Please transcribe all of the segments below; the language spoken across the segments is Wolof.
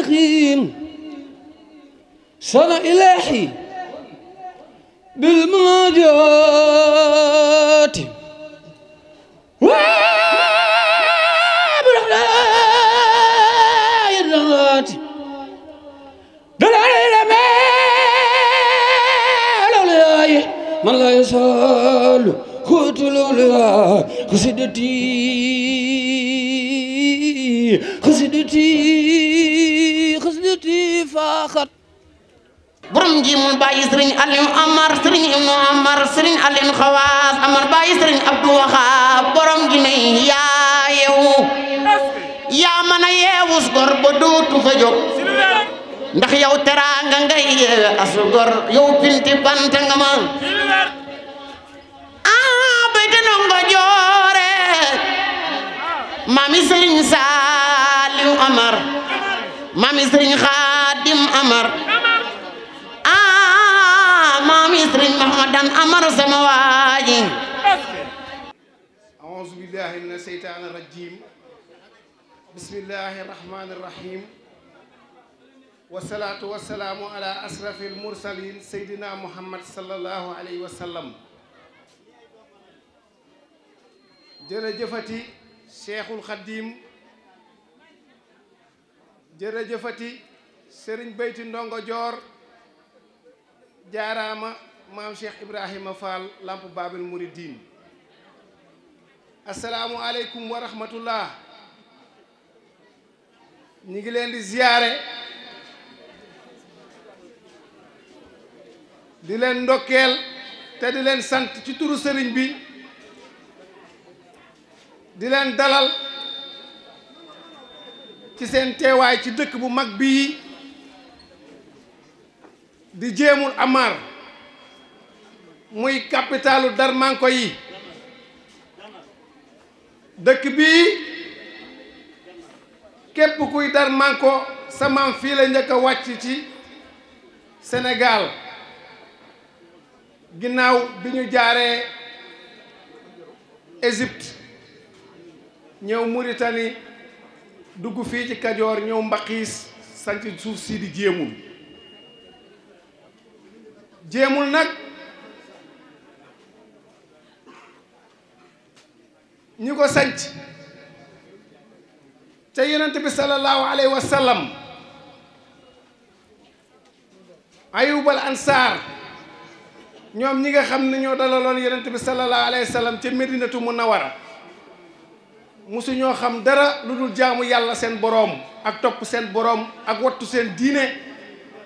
اليقين صلى إلهي بالمناجات من لا يسال خذ لولا قصدتي قصدتي baaxat borom ji mo baye serigne Aliou Amar serigne Ibnu Amar serigne alim khawas Amar baye serigne Abdou Waxaab borom gi ne ya yew ya mana a yeewus gor bo dootu fa jóg ndax yow teraanga ngay yeewe gor yow pinti banta nga ma aa bay danongo Amar mami sering Xaar xaadim amar ah maam yi sëriñ Mahmadan amar sama waaji aouzu billahi min seytaani rajim bismillahi rahmani rahim wasalaatu wasalaamu ala asrafi almursalin seydina muhammad sallallahu alayhi wa sallam jërëjëfati cheikhul xadim jërëjëfati sëriñ Beyti Ndongo Joor jaaraama maam Cheikh Ibrahima Fall lamp Babil Mouridine asalaamualeykum wa rahmatullah ñu ngi leen di ziyaare di leen ndokkeel te di leen sant ci turu sëriñ bi di leen dalal ci seen teewaay ci dëkk bu mag bii di jéemul amaar muy capitalu Darmanko yi dëkk bii képp kuy Darmanko sa maam fii la njëkk a wàcc ci senegaal ginnaaw bi ñu jaaree Égypte ñëw Mauritanie dugg fii ci Kajoor ñëw Mbaxiis sanc suuf sii di jéemul jéemul nag ñi ko sanc te yonent bi sallallahu alay wa sallam ayubal ansaar ñoom ñi nga xam ne ñoo dalaloon yonent bi sallallahu alay wa sallam ca Medinatu Munawara musu ñoo xam dara lu dul jaamu yàlla seen boroom ak topp seen boroom ak wottu seen diine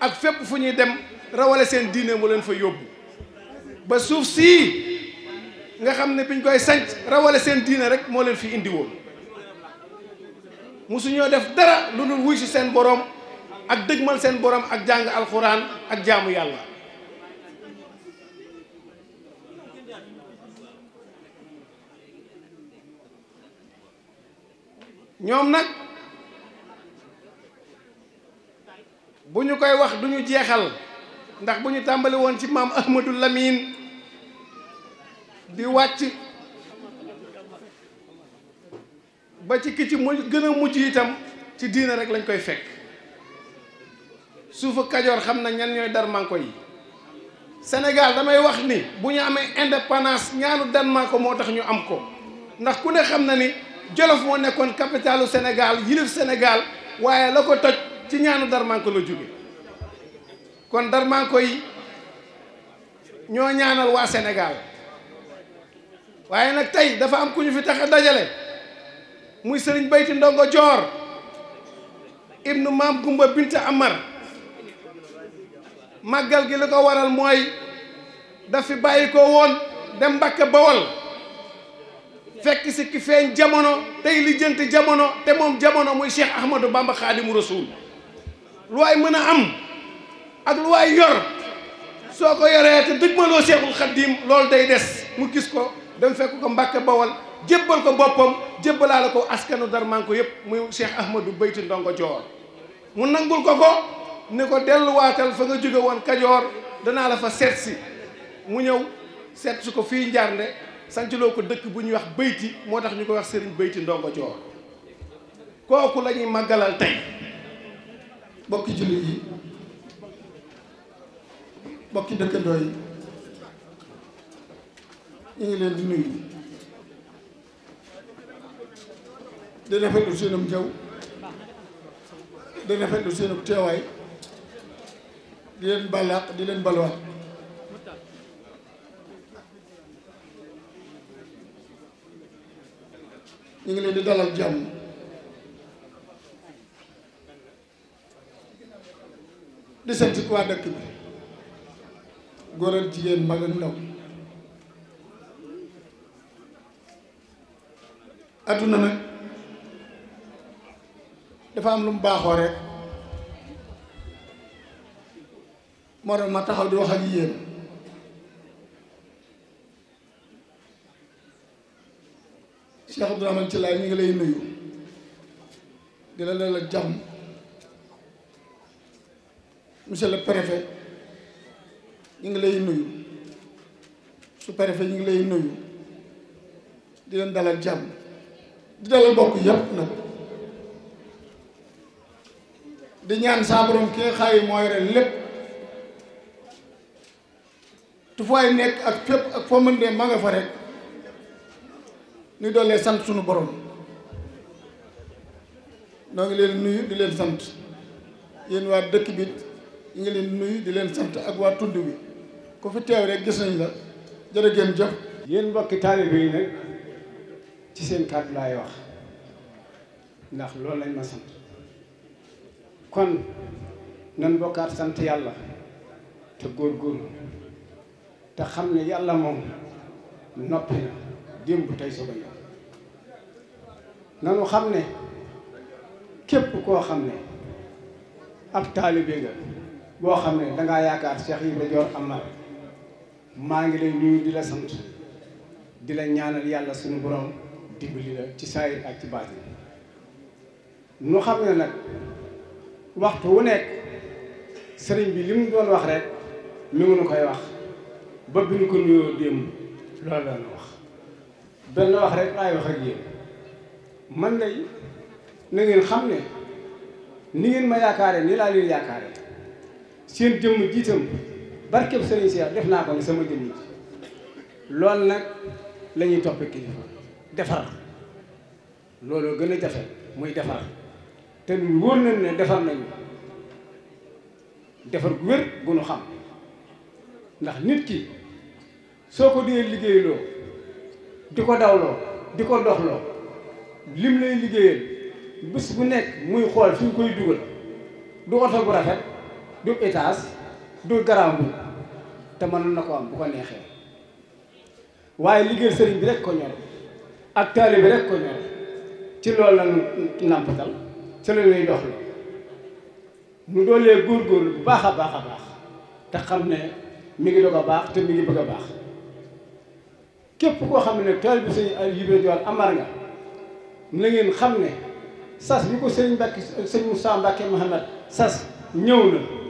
ak fépp fu ñuy dem rawale sen diine mo len fa yobbu ba suuf si nga xamne biñ koy rawale sen diine rek mo len fi indi musu ñoo def dara lu dul wuy ci sen borom ak deggmal sen borom ak jang alquran ak jaamu yalla ñom nak buñu koy wax duñu jéxal ndax bu ñu tàmbali woon ci maam Ahmadou Lamine di wàcc ba ci ki ci mu gën mujj itam ci diina rek lañ koy fekk suufu Kajoor xam na ñan ñooy darmanko yi Sénégal damay wax ni bu ñu amee indépendance ñaanu darmanko moo tax ñu am ko ndax ku ne xam na ni Jolof moo nekkoon capitalu Sénégal yilif Sénégal waaye la ko toj ci ñaanu darmanko la jóge kon dar maa koy ñoo ñaanal waa Sénégal waaye nag tey dafa am ku ñu fi tax a dajale muy sëriñ bayti ndongo joor ibnu maam gumba bint amar màggal gi li ko waral mooy daf fi bàyyi woon dem mbàkke bawol fekk si ki feeñ jamono tey lijjanti jamono te moom jamono muy cheikh ahmadou bamba xaadimu rasul lu ay mën a am ak lu waay yor soo ko yoree te dëgmaloo Seexul Xaddiim loolu day des mu gis ko dem fekk ko Mbàkke Bawol jébbal ko boppam jébbalaale ko askanu darman ko yëpp muy Cheikh Ahmadou Bayti Ndongo Joor mu nangul ko ko ne ko delluwaatal fa nga jóge woon Kajoor danaa la fa seet si mu ñëw seet ko fi fii Njaarnde loo ko dëkk bu ñuy wax Bayti moo tax ñu ko wax Serigne Bayti Ndongo Joor kooku la ñuy màggalal tey bokki jullit yi bokki dëkkandoo yi ñu ngi leen di nuyu di rafetlu seenum jaww di rafetlu seenum teewaay di leen balaax balwaat ñu ngi leen di dalal jàmm di sant waa dëkk bi góor ak jigéen mag ak ndaw adduna nag dafa am lu mu baaxoo rek moo ma taxaw di wax ak yéen Cheikh Abdourahmane ci laay ñu ngi lay nuyu di la dalal jàmm monsieur le préfet ñu ngi lay nuyu su pare préfet ñu ngi lay nuyu di leen dalal jàmm di dalal bokk yépp nag di ñaan saa borom ki nga xaay lépp tu nekk ak fépp ak foo mën dee ma nga fa rek ñu doolee sant sunu borom noo ngi leen nuyu di leen sant yéen waa dëkk bi ñu ngi leen nuyu di leen sant ak waa tund wi ku fi teew rek gis nañ la jërë ngeen jëf yéen mbokki taalibe yi ci seen kàddu laay wax ndax loolu lañ ma sant kon nan mbokkaat sant yàlla te góor góor te xam ne yàlla moom noppi na démb tey soog a xam ne képp koo xam ne ak taalibe nga boo xam ne dangaa yaakaar Cheikh Ibrahima Dior am na maa ngi lay nuyu di la sant di la ñaanal yàlla suñu borom dimbali la ci saayir ak ci baatin nu xam ne nag waxtu wu nekk sëriñ bi li mu doon wax rek mi ngi nu koy wax ba bi ñu ko nuyoo démb loolu la wax benn wax rek laay wax ak yéen man lay na ngeen xam ne ni ngeen ma yaakaare ni laa leen yaakaare seen jëmm jiitam barkeb sëriñ si def naa ko ne sama jëmm ji loolu nag la ñuy toppee kilifa defar looloo gën a jafe muy defar te ñun wóor nañ ne defar nañu defar gu wér gu nu xam ndax nit ki soo ko dee liggéeyloo di ko dawloo di ko doxloo lim lay liggéeyal bés bu nekk muy xool fi koy dugal du oto bu rafet du étage du garaaw bu te mënoon na ko am bu ko neexee waaye liggéey sëriñ bi rek ko ñor ak taali bi rek ko ñor ci loolu la ñu nàmpatal ci la ñuy dox la mu doolee góorgóorlu bu baax a baax a baax te xam ne mi ngi doog a baax te mi ngi bëgg a baax képp koo xam ne taali bi sëñ ay Yibra Joor amar nga na ngeen xam ne sas bi ko sëriñ Mbàkke sëñ Moussa Mbàkke Mouhamad sas ñëw la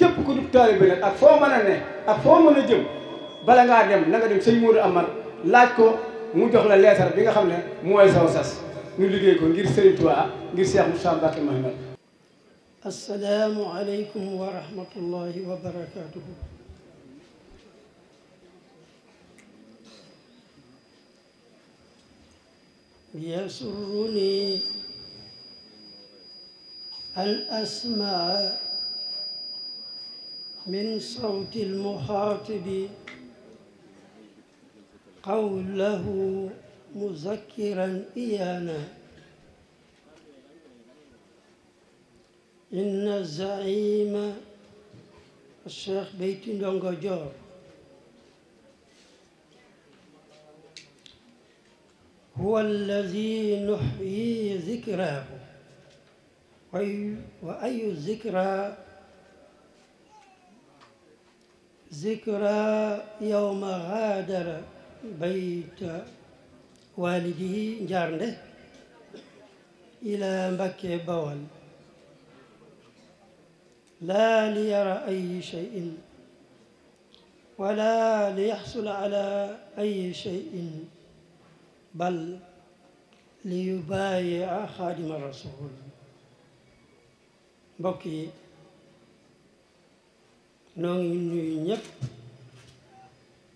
képp ku dugg taalibe nag ak foo mën a ne ak foo mën a jëm bala ngaa dem na nga dem sëñ Mourou Amar laaj ko mu jox la leetar bi nga xam ne mooy saw sas ñu liggéey ko ngir Sëriñ Tuubaa ngir Cheikh Moussa Mbacké Mahamad asalaamu aleykum wa rahmatullahi wa barakaatuhu يسرني أن أسمع من صوت المخاطب قوله مذكرا إيانا إن الزعيم الشيخ بيت دونغو هو الذي نحيي ذكراه وأي ذكرى ذكرى يوم غادر بيت والده جارنده إلى مكة بول لا ليرى أي شيء ولا ليحصل على أي شيء بل ليبايع خادم الرسول بكي noo ngi nuyu ñëpp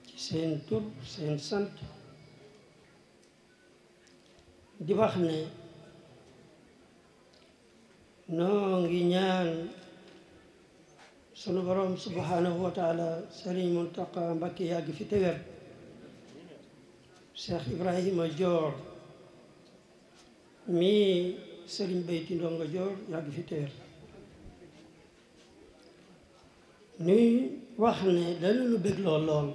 ci seen tur seen sant di wax ne noo ngi ñaan sunu borom subhanahu wa taala sëriñ Muntaqa Mbakke yàgg fi téwér Cheikh mi Dior mii sëriñ Bayti Ndongo Dior yàgg fi téwér nuy wax ne lu bégloo lool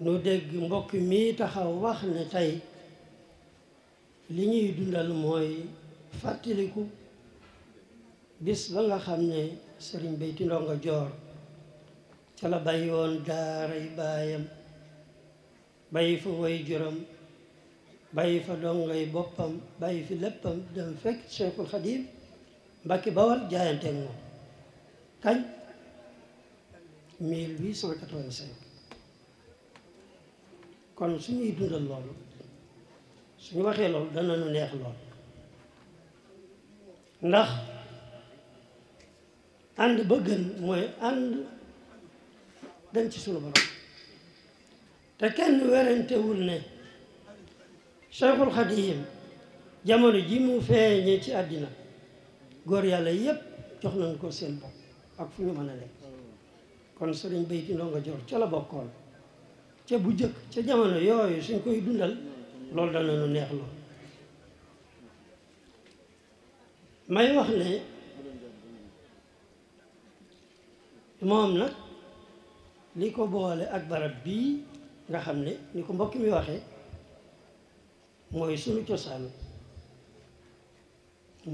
nu dégg mbokk mii taxaw wax ne tey li ñuy dundal mooy fàttaliku bis ba nga xam ne sëriñ Béyti Ndongo Joor ca la bàyyi woon daaray baayam bàyyi fa woy juram bàyyi fa dongay boppam bàyyi fi léppam dem fekk Cheikhul Khadim Mbàkke Bawal jaayanteeg moom kañ 1885 kon suñuy dundal loolu suñu waxee loolu danañu neex lool ndax ànd ba gën mooy ànd dañ ci suñu borom te kenn werantewul ne Cheikhul Khadim jamono ji mu feeñee ci àddina góor yàlla yépp jox nañ ko seen bopp ak fu ñu mën a lekk kon sëriñ Béyti Ndongo Joor ca la bokkoon ca bu jëkk ca jamono yooyu suñ koy dundal loolu dana nu neex lool may wax ne moom nag li ko boole ak barab bii nga xam ne ni ko mbokk mi waxee mooy sunu cosaan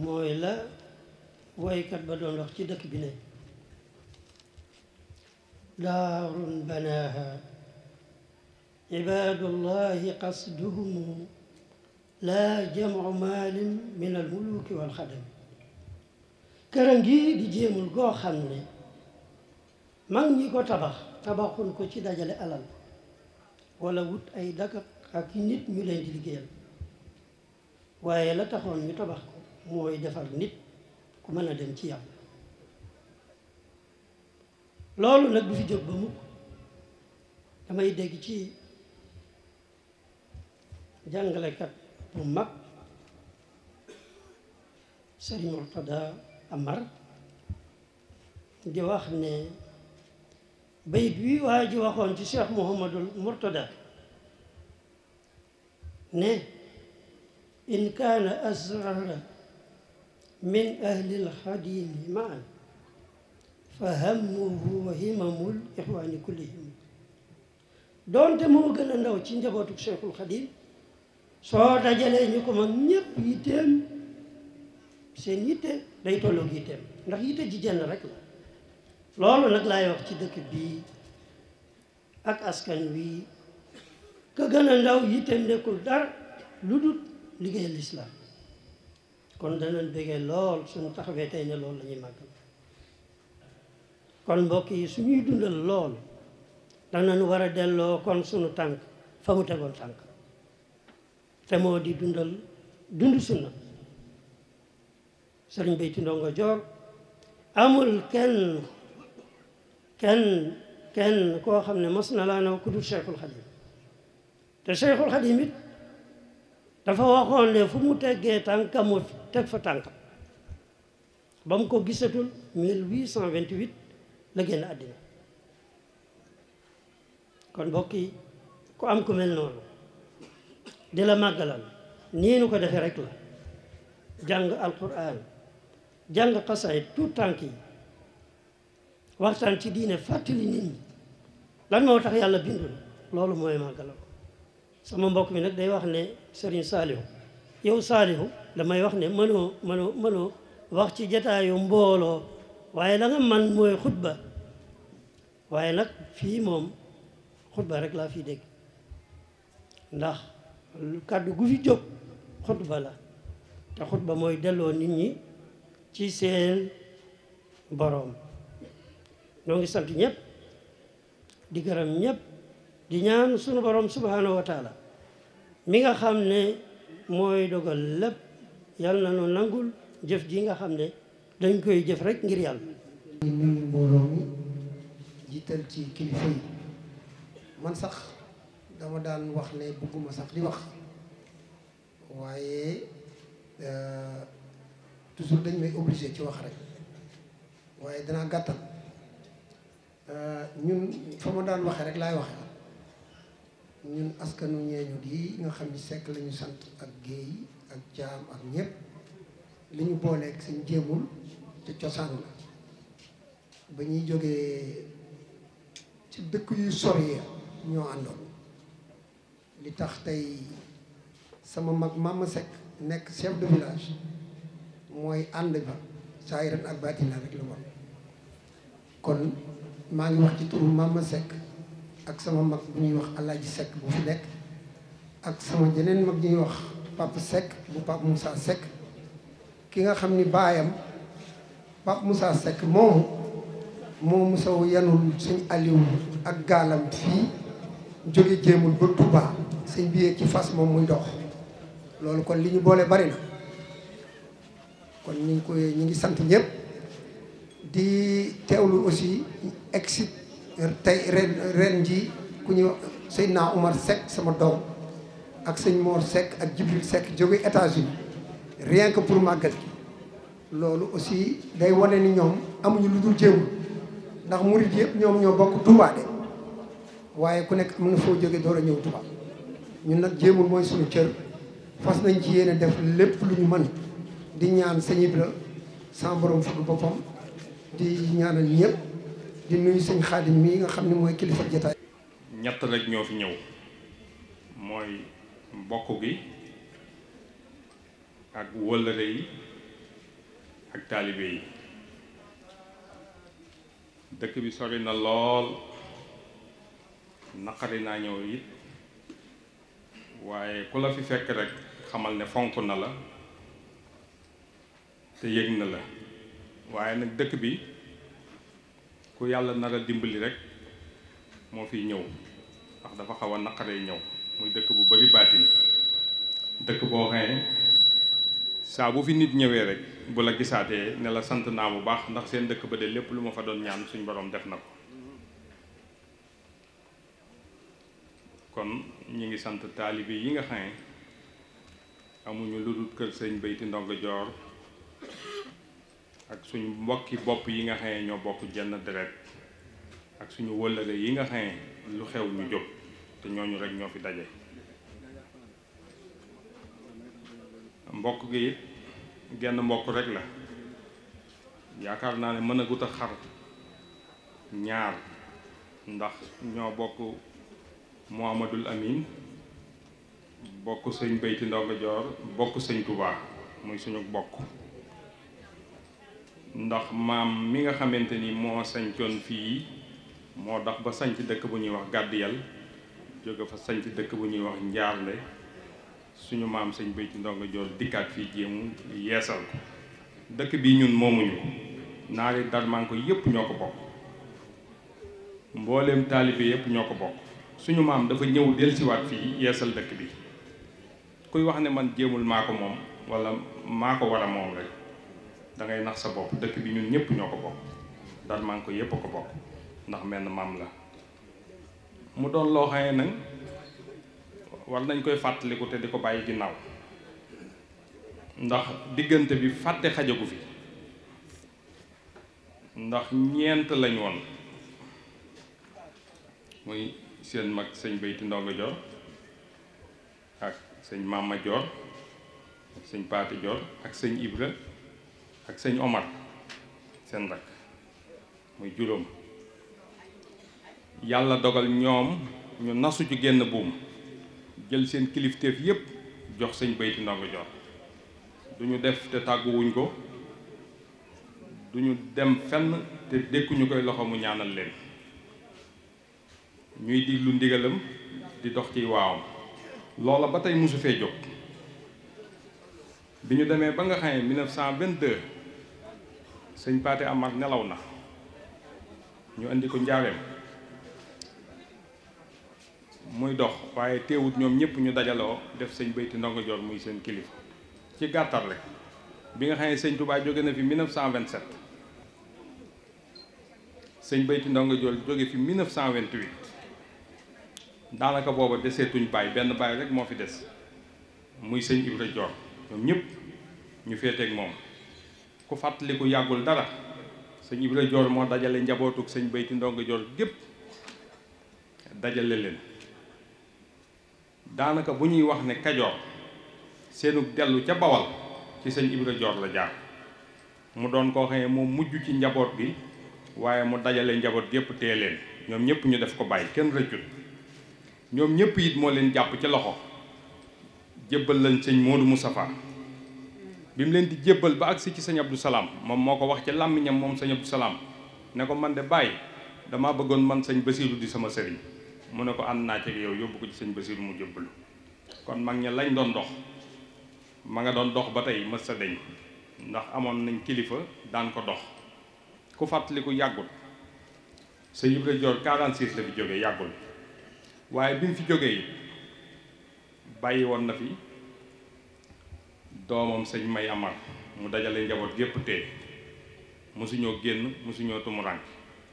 mooy la woykat ba doon wax ci dëkk bi ne دار بناها عباد الله قصدهم لا جمع مال من الملوك والخدم كرنجي دي جيم الغو خامني مان ني كو تباخ تباخون كو سي الال ولا ووت اي داك اك نيت ني لاي دي ليغيال موي ديفال نيت كو مانا ديم سي loolu nag du fi jóg ba mukk damay dégg ci jàngalekat bu mag Sëriñ Murtada Amar di wax ne bayit wi waa ji waxoon ci Cheikh Mouhamadul Murtada ne in kaana asrara min ahli lxadimi maan fa hammuhu wa himamul ixwaani kullihim doonte moo gën a ndaw ci njabootu Cheikhul Xadim soo dajalee ñu ko mag ñépp yitteem seen yitte day tolloog yitteem ndax yitte ji jenn rek la loolu nag laay wax ci dëkk bii ak askan wi ka gën a ndaw yitteem nekkul dara lu dul liggéeyal lislaam kon danañ bëggee lool suñu taxawee tey ne loolu lañuy màgg kon mbokk yi suñuy dundal loolu danañ war a delloo kon sunu tànk fa mu tegoon tànk te moo di dundal dund sunna sëriñ Béyti Ndongo Joor amul kenn kenn koo xam ne mas na laa naw ku dul Cheikhul Khadim te Cheikhul Khadim it dafa waxoon ne fu mu teggee tànkam mu teg fa tànkam ba mu ko gisatul la génn àddina kon mbokk yi ku am ku mel noonu di la màggalal nii nu ko defee rek la jàng alquran jàng xasaay tout tànk yi waxtaan ci diine fàttali nit ñi lan moo tax yàlla bindu loolu mooy màggalal sama mbokk mi nag day wax ne Serigne Saliou yow Saliou damay wax ne mënoo mënoo mënoo wax ci jataayu mbooloo waaye la man mooy xutba waaye nag fii moom xutba rek laa fi dégg ndax kàddu gu fi jóg xutba la te xutba mooy delloo nit ñi ci seen boroom ñoo ngi sant ñépp di gërëm ñépp di ñaan sunu boroom subhanahu wa mi nga xam ne mooy dogal lépp yal na nu nangul jëf ji nga xam ne dañ koy jëf rek ngir yàlla. di nuyu mbooloo mi jiital ci kilifa yi man sax dama daan wax ne bëgguma sax di wax waaye euh, toujours dañ may obligé ci wax rek waaye danaa gàttal euh, ñun fa ma daan waxee rek laay waxe ñun askanu ñeeñu yi nga xam ni sekk lañu sant ak géey ak jaam ak ñépp liñu ñu ak suñ jéemul ci cosaan la ba ñuy jógee ci dëkk yu sori ya ñoo àndoon li tax tey sama mag Mama sek nekk chef de village mooy ànd ba saayiran ak baatina rek la kon maa ngi wax ci turu Mama sek ak sama mag bu ñuy wax Alaaji sek bu fi nekk ak sama jeneen mag ñuy wax Papa sek bu Papa Moussa sek ki nga xamni bayam pap musa sek mom mom musa musaw yanul sëñ Aliou ak galam fi jóge jemul ba Touba sëñ biye ci fas mom muy dox lolou kon liñu bolé bari na kon ñing koy ñingi sant ñëpp di tewlu aussi exit tay ren ren ji ku ñu sëñ na Umar sek sama dom ak sëñ Mor sek ak Jibril sek jóge etats unis rien que pour màggal gi loolu aussi day wane ni ñoom amuñu lu dul jéem ndax murid yëpp ñoom ñoo bokk Touba de waaye ku nekk am na foo jóge door a ñëw Touba ñun nag jéemul mooy suñu cër fas nañ ci yéene def lépp lu ñu mën di ñaan sëñ Ibra sa borom fukk boppam di ñaanal ñëpp di nuyu sëñ Xaadim mii nga xam ne mooy kilifa jotaay ñett rek ñoo fi ñëw mooy mbokk gi ak wëllëre yi ak taalibe yi dëkk bi sori na lool naqari naa ñëw it waaye ku la fi fekk rek xamal ne fonk na la te yëg na la waaye nag dëkk bi ku yàlla nar dimbali rek moo fi ñëw ndax dafa xaw a naqaree ñëw muy dëkk bu bari baatin dëkk boo xëyee saa bu fi nit ñëwee rek bu la gisaatee ne la sant naa bu baax ndax seen dëkk ba de lépp lu ma fa doon ñaan suñ borom def na ko kon ñu ngi sant taalibe yi nga xam amuñu lu dul kër sëñ Bayti Ndongo Joor ak suñu mbokki bopp yi nga xam ñoo bokk jenn deret ak suñu wëllëre yi nga xam lu xew ñu jóg te ñooñu rek ñoo fi daje mbokk gi genn mbokk rek la yaakaar naa ne mën a gut xar ñaar ndax ñoo bokk Muhammadul Amin bokk sëñ Bayti Ndongo Joor bokk sëñ Touba muy suñu bokk ndax maam mi nga xamante ni moo sañcoon fii moo tax ba sañc dëkk bu ñuy wax Gàddiyal jóge fa sañc dëkk bu ñuy wax njaar Njaarle suñu maam sëñ Béthio Ndongo Diol dikkaat fii jéemu yeesal ko dëkk bi ñun moomuñu naari darman ko yépp ñoo ko bokk mbooleem taalibe yépp ñoo ko bokk suñu maam dafa ñëw delsiwaat fii yeesal dëkk bi kuy wax ne man jéemul maa ko moom walla maa ko war a moom rek da nax sa bopp dëkk bi ñun ñëpp ñoo ko bokk darman ko yépp ko bokk ndax menn maam la mu doon loo nag war nañ koy fàttaliku te di ko bàyyi ginnaaw ndax diggante bi fàtte xajagu fi ndax ñeent lañ woon muy seen mag sëñ Bayti Ndongo Joor ak sëñ Mama Joor ak sëñ Paati ak sëñ Ibra ak sëñ Omar seen rakk muy juróom yàlla dogal ñoom ñu nasu ci génn buum jël seen kilifteef yépp jox sëñ bayti ndongo du ñu def te tàgguwuñ ko du ñu dem fenn te dékkuñu koy loxo mu ñaanal leen ñuy diglu ndigalam di dox ci waawam loola ba tey mosu fee jóg bi ñu demee ba nga xam ne 1922 sëñ Paate Amar nelaw na ñu indi ko njaareem muy dox waaye teewut ñoom ñëpp ñu dajaloo def sëñ Bayti Ndongo Dior muy seen kilifa ci gàttal rek bi nga xam ne sëñ Touba jóge na fi 1927 sëñ Bayti Ndongo Dior jóge fi 1928 daanaka booba deseetuñ bàyyi benn bàyyi rek moo fi des muy sëñ Ibra ñoom ñëpp ñu féeteeg moom ku fàttaliku yàggul dara sëñ Ibra Dior moo dajale njabootug sëñ Bayti Ndongo Dior gépp dajale leen. danaka buñuy wax ne kajoor senu delu ca bawal ci sëñ Ibra Joor la jaar mu doon ko xey ne mujju ci njabot bi waye mu dajale njabot gep teelen ñom ñepp ñu def ko bàyyi ken rëccut ñom ñepp yit mo leen japp ci loxo jébbal lañ modou Mustafa bim leen di jebel ba si ci sëñ Abdou salam mom moko wax ci lamiñam mom sëñ Abdou salam ne ko man de bàyyi dama bëggoon man basirou di sama serigne mu ne ko ànd naa ci yow yóbbu ko ci sañ basir mu jëbbalu kon mag ña lañ doon dox ma nga doon dox ba tey mës sa deñ ndax amoon nañ kilifa daan ko dox ku fàttaliku yàggut sëñ Ibra Joor 46 la fi jógee yàggul waaye bi mu fi jógee bàyyi woon na fi doomam sëñ May Amar mu dajale njaboot gépp tee mosuñoo génn mosuñoo tumurànk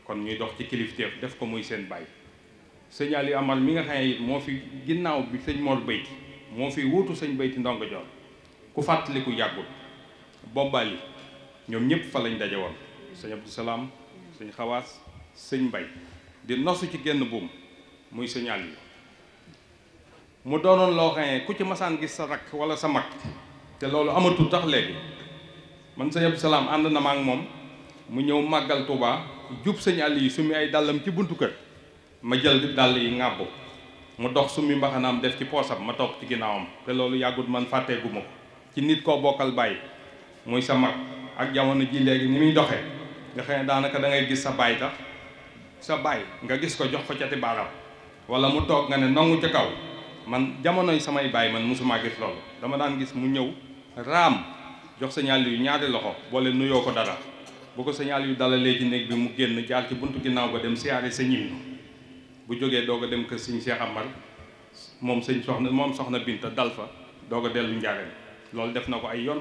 kon ñuy dox ci kilifteef def ko muy seen bàyyi sëñ Aliou Amal mi nga xam it moo fi ginnaaw bi sëñ Mor Bayti moo fi wuutu sëñ Bayti ndongo joor ku fàttaliku yàggul yi ñoom ñëpp fa lañ daje woon sëñ Abdou Salaam sëñ Xawaas sëñ Mbay di nosu ci genn buum muy sëñ Aliou mu doonoon loo xam ku ci masaan gis sa rakk wala sa mag te loolu amatul tax léegi man sëñ Abdou Salaam ànd na ma ak moom mu ñëw màggal Touba jub sëñ Aliou su mi ay dàllam ci buntu kër ma jël dàll yi ŋàbbu mu dox summi mbaxanaam def ci poosam ma toog ci ginnaawam te loolu yàggut man fàtteegu ma ko ci nit koo bokkal bàyyi muy sa mag ak jamono ji léegi ni muy doxee nga xam ne daanaka da ngay gis sa baay tax sa baay nga gis ko jox ko cati baaraam wala mu toog nga ne nangu ca kaw man jamonoy samay baay man mosumaa gis loolu dama daan gis mu ñëw raam jox signal yu ñaari loxo boole nuyoo ko dara bu ko signal yu dalalee ci néeg bi mu génn jaar ci buntu ginnaaw ba dem siyaare sa ñim bu jógee doog a dem kër sëñ Cheikh Amar moom sëñ soxna moom soxna Binta dal fa doog a dellu njaareem loolu def na ko ay yoon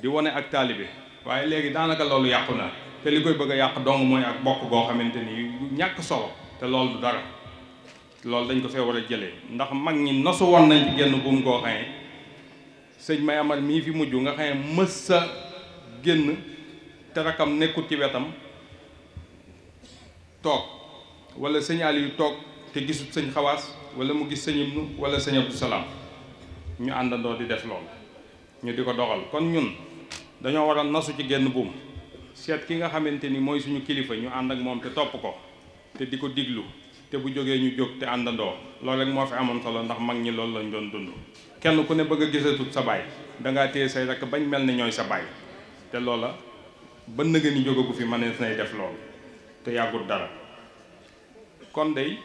di wane ak taalibe waaye léegi daanaka loolu yàqu na te li koy bëgg a yàq dong mooy ak bokk goo xamante ni ñàkk solo te loolu dara loolu dañ ko fee war a jëlee ndax mag ñi nosu won nañ genn génn buum goo xamee sëñ May Amar mii fi mujj nga xamee mës sa génn te rakam nekkut ci wetam toog wala sëñ ali tok te gisut sëñ khawas wala mu gis sëñ Ibnu wala sëñ Abdou salam ñu andando di def lool ñu diko dogal kon ñun dañu war nasu ci genn buum set ki nga xamanteni moy suñu kilifa ñu and ak mom te top ko te diko diglu te bu joge ñu jog te andando lool rek mo fi amon solo ndax mag ñi lool lañ doon dund kenn ku ne bëgg a gisatut sa da nga tey say rek bañ mel ñoy sa bay te loola ba nëgë ni fi mané def lool te yàggut dara kon dey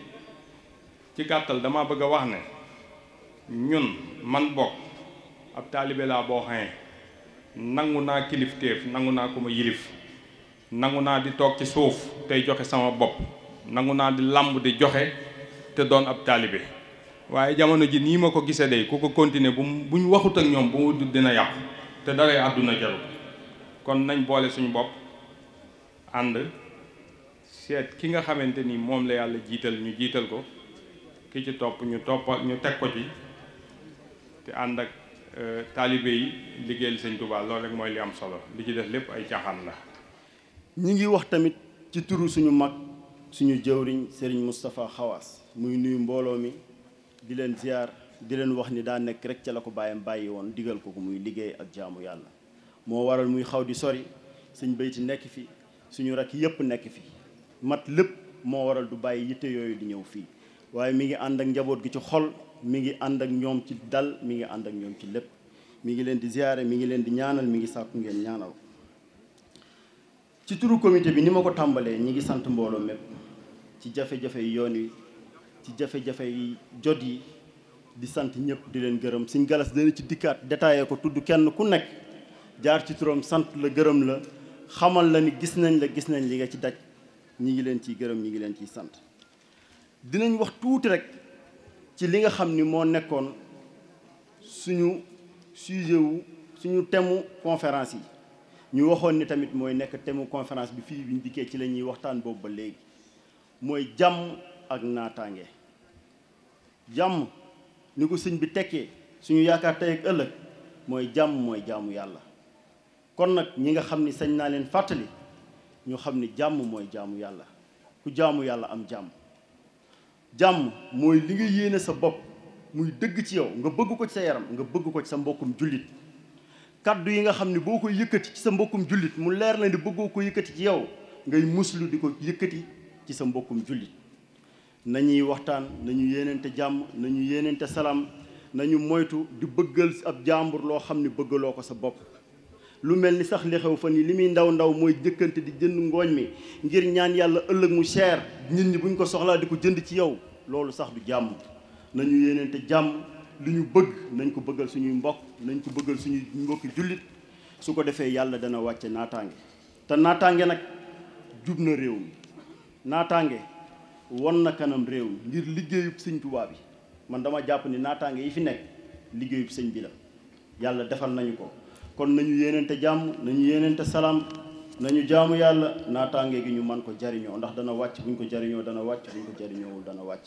ci gàttal dama bëgg a wax ne ñun man bokk ab taalibe laa boo xamee nangu naa kilifteef nangu naa kuma ma yilif nangu naa di toog ci suuf tey joxe sama bopp nangu naa di làmb di joxe te doon ab taalibe waaye jamono ji nii ma ko gisee day ku ko continuer bu bu ñu waxut ak ñoom bu mu dina yàq te daray àdduna jaru kon nañ boole suñu bopp ànd set ki nga xamanteni mom la yalla jital ñu jital ko ki ci top ñu top ñu tek ko ci te and ak euh, talibé yi liggéel sëñ touba lool rek moy li am solo li ci def lepp ay caaxaan la ñi ngi wax tamit ci turu suñu mag suñu jeewriñ Serigne Moustapha khawas muy nuyu mbolo mi di len ziar di len wax ni da nek rek ci la ko bàyyam bàyyi won digal ko ko muy liggéey ak jaamu yalla mo waral muy xaw di sori suñ beyti nek fi suñu rak yëpp nek fi mat lepp moo waral du bàyyi yitte yooyu di ñëw fii waaye mi ngi ànd ak njaboot gi ci xol mi ngi ànd ak ñoom ci dal mi ngi ànd ak ñoom ci lépp mi ngi leen di ziyaare mi ngi leen di ñaanal mi ngi sàkku ngeen ñaanal ci turu comité bi ni ma ko tàmbalee ñi ngi sant mbooloo mépp ci jafe-jafe yi yoon wi ci jafe-jafe yi jot yi di sant ñëpp di leen gërëm suñ galas dana ci dikkaat détaillé ko tudd kenn ku nekk jaar ci turam sant la gërëm la xamal la ni gis nañ la gis nañ li nga ci daj ñi ngi leen ciy gërëm ñi ngi leen ciy sant dinañ wax tuuti rek ci li nga xam ni moo nekkoon suñu sujet wu suñu temu conférence yi ñu waxoon ni tamit mooy nekk temu conférence bi fii bi ñu dikkee ci la ñuy waxtaan boobu ba léegi mooy jàmm ak naataange jàmm ni ko sëñ bi tekkee suñu yaakaar tey ak ëllëg mooy jàmm mooy jàmmu yàlla kon nag ñi nga xam ni sañ naa leen fàttali ñu xam ni jàmm mooy jaamu yàlla ku jaamu yàlla am jàmm jàmm mooy li nga yéene sa bopp muy dëgg ci yow nga bëgg ko ci sa yaram nga bëgg ko ci sa mbokkum jullit kàddu yi nga xam ne boo ko yëkkati ci sa mbokkum jullit mu leer la di bëggoo ko yëkkati ci yow ngay muslu di ko yëkkati ci sa mbokkum jullit nañuy waxtaan nañu yéeneente jàmm nañu yéeneente salaam nañu moytu di bëggal ab jàmbur loo xam ni bëggaloo ko sa bopp lu mel ni sax li xew fa ni li muy ndaw ndaw mooy jëkkante di jënd ngooñ mi ngir ñaan yàlla ëllëg mu cher nit ñi buñ ko soxlaa di ko jënd ci yow loolu sax du jàmm nañu yeneen te jàmm li ñu bëgg nañ ko bëggal suñuy mbokk nañ ko bëggal suñuy mbokki jullit su ko defee yàlla dana wàcce naataange te naataange nag jub na réew mi naataange won na kanam réew ngir liggéeyub sëñ tubaab yi man dama jàpp ni naataange yi fi nekk liggéeyub sëñ bi la yàlla defal nañu ko kon nañu te jàmm nañu yéeneente salaam nañu jaamu yàlla naataange gi ñu man ko jariñoo ndax dana wàcc buñ ko jariñoo dana wàcc buñ ko jariñoowul dana wàcc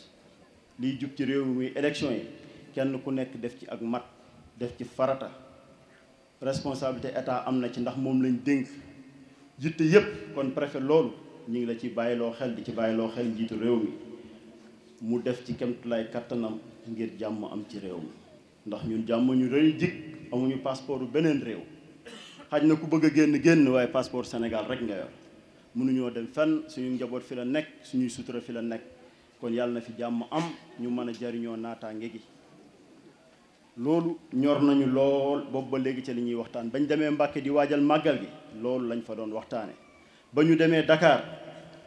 liy jub ci réew mi élection yi kenn ku nekk def ci ak mat def ci farata responsabilité état am na ci ndax moom lañ dénk jitte yépp kon prefet loolu ñu ngi la ci bàyyiloo xel di ci bàyyiloo xel njiitu réew mi mu def ci kemtulaay kattanam ngir jàmm am ci réew mi ndax ñun jàmm ñu rëy jig amuñu passeport beneen réew xaj na ku bëgg a génn génn waaye passeport Sénégal rek nga yor mënuñoo dem fenn suñu njaboot fi la nekk suñu sutura fi la nekk kon yàlla na fi jàmm am ñu mën a jariñoo naataange gi loolu ñor nañu lool boobu ba léegi ci li ñuy waxtaan bañ demee Mbàkke di waajal màggal gi loolu lañ fa doon waxtaane ba ñu demee dakaar